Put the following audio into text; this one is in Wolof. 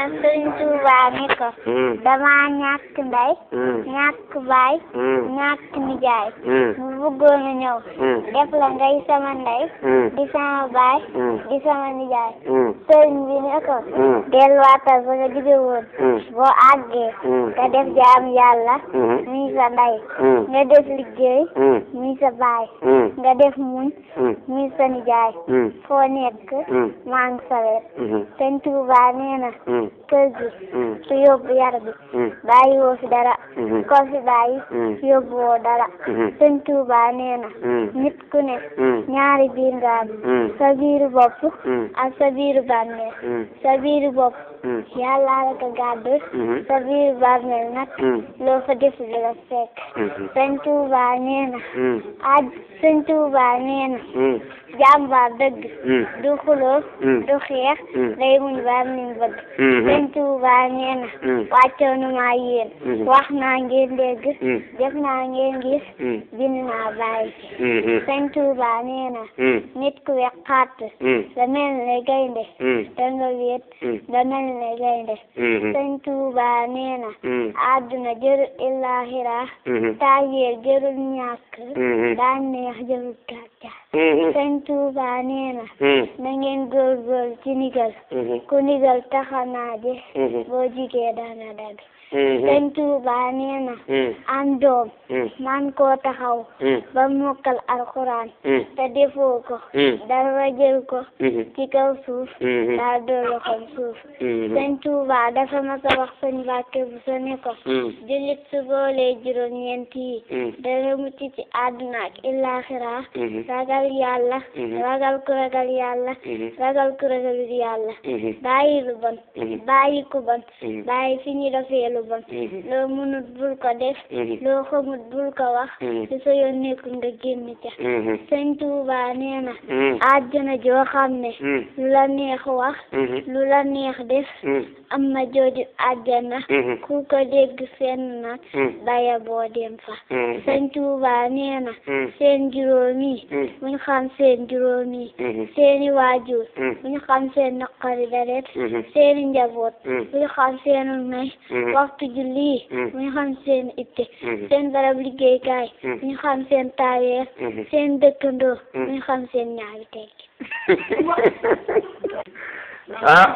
maam sëriñ Tuuba ne ko dama ñàkk ndey hmm. ñàkk baay hmm. ñàkk nijaay hmm. mu bëggoon a ñëw def ngay sama ndey di sama baay di sama nijaay sëriñ bi ne ko delluwaatal fa nga jóge woon boo àggee nga def jaam yàlla muy ndey nga def liggéey sa baay. Hmm. nga def muñ. muy hmm. sa nijaay. Hmm. foo nekk. maa ngi sa wet. sëñ Tuubaa nee na. kër gi. ku yóbbu yar bi. bàyyi woo fi dara. ko fi bàyyi. yóbbu woo dara. sëñ Tuubaa nee na. nit ku ne. ñaari biir nga am. sa biiru bopp. aj sëñ Tuubaa nee na jàmbaar dëgg du xuloo du xeex day muñ baam nim bëgg sëñ Tuubaa nee na wàccoonu maa yéen wax naa ngeen dégg jëf naa gis bind naa bàyyi ci sëñ Tuubaa nee ku wex xàtt da gaynde da nga wéet da mel ne gaynde sëñ Tuubaa na àdduna jërul illaaxira taajeer jërul ñàkk لأني يحجب الكعب sëñ Tuuba nee na na ngeen góorgóor ci ndigal ku ndigal taxanaa de boo jigee dana dagg sëñ man koo taxaw ba mokkal alxuraan te defoo ko dara jël ko ci kaw suuf daa doolu xam suuf sëñ Tuuba dafa mas a wax sëñ Mbàkke bu sa ne ko jullit su boolee juróom ñeent yi dara mucc ci àdduna ak ragal yàlla ragal ku ragal yàlla ragal ku ragal yàlla bàyyi lu bon bàyyi ku bon bàyyi fi ñu defee lu bon loo mënut bul ko def loo xamut bul ko wax ci sa yoon nekkul nga génn ca sëñ Tuuba nee na àjjana joo xam ne lu la neex wax lu la neex def am na jooju àjjana ku ko dégg fenn nag baya boo dem fa sëñ Tuuba nee na seen juróomi bu mm-hmm. ñu xam seen juróom yi mm-hmm. seeni waajur bu mm-hmm. ñu xam seen naqari deret seeni njaboot bu ñu xam seenu may waxtu julli bu ñu xam seen itte seen barab liggéeykaay bu ñu xam seen taaweer seen dëkkandoo bu xam seen ñaari tekki ah.